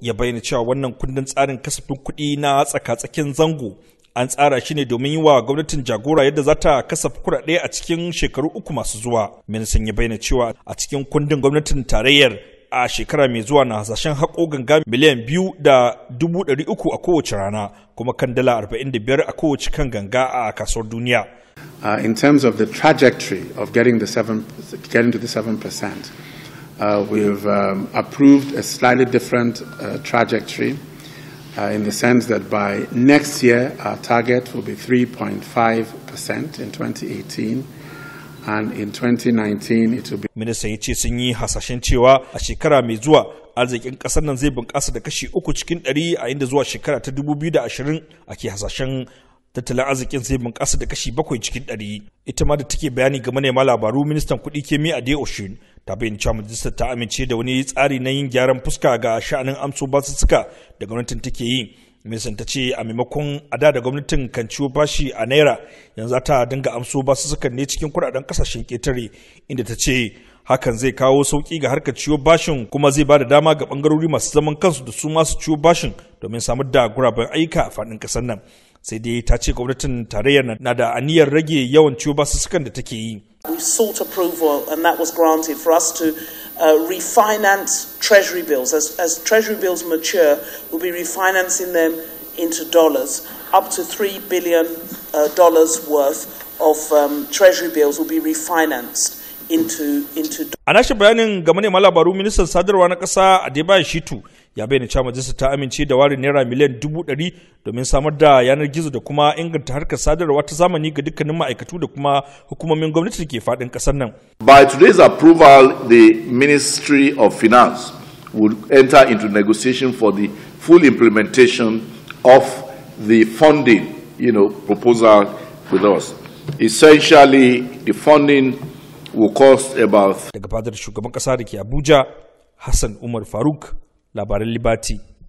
ya bayyana cewa wannan kundin tsarin kasafin kuɗi na tsaka-tsakin zango an tsara shi ne domin yi wa gwamnatin jagora yadda za ta kasafi kuɗaɗe a cikin shekaru uku masu zuwa. Ministan ya bayyana cewa a cikin kundin gwamnatin tarayyar a shekara mai zuwa na hasashen haƙo ganga miliyan biyu da dubu ɗari uku a kowace rana kuma kan dala arba'in da biyar a kowace kan ganga a kasuwar duniya. Uh, in terms of the trajectory of getting, the seven, getting to the 7%, Uh, we've um, approved a slightly different uh, trajectory uh, in the sense that by next year, our target will be 3.5% in 2018. And in 2019 it will be. Ministan ya ce sun yi hasashen cewa a shekara mai zuwa arzikin ƙasar nan zai bunƙasa da kashi uku cikin ɗari a inda zuwa shekara ta 2020 ake hasashen tattalin arzikin zai bunƙasa da kashi bakwai cikin ɗari. Ita ma da take bayani ga manema labaru ministan kuɗi Kemi Adeoshun ta bayyana majalisar ta amince da wani tsari na yin gyaran fuska ga sha'anin amso basussuka da gwamnatin take yi ministan ta ce a maimakon a da da gwamnatin kan ciwo bashi a naira yanzu ta dinga amso basussukan ne cikin kudaden kasashen ketare inda ta ce hakan zai kawo sauki ga harkar ciwo bashin kuma zai ba da dama ga bangarori masu zaman kansu da su masu ciwo bashin domin samar da guraben aika a faɗin ƙasar nan sai dai ta ce gwamnatin tarayyar na da aniyar rage yawan ciwo basussukan da take yi We sought approval, and that was granted for us to uh, refinance Treasury bills. As, as Treasury bills mature, we'll be refinancing them into dollars. Up to $3 billion uh, worth of um, Treasury bills will be refinanced. a nashi bayanin ga manema labaru ministan sadarwa na kasa a adebayo shitu ya bayyana cewa majalisar ta amince da warin naira miliyan dubu ɗari domin samar da yanar gizo da kuma inganta harkar sadarwa ta zamani ga dukkanin ma'aikatu da kuma hukumomin gwamnati da ke faɗin ƙasar nan by today's approval the ministry of finance will enter into negotiation for the full implementation of the funding you know proposal with us essentially the funding will cost about. Daga fadar shugaban ƙasa da ke Abuja, Hassan Umar Faruk, labaran Libati.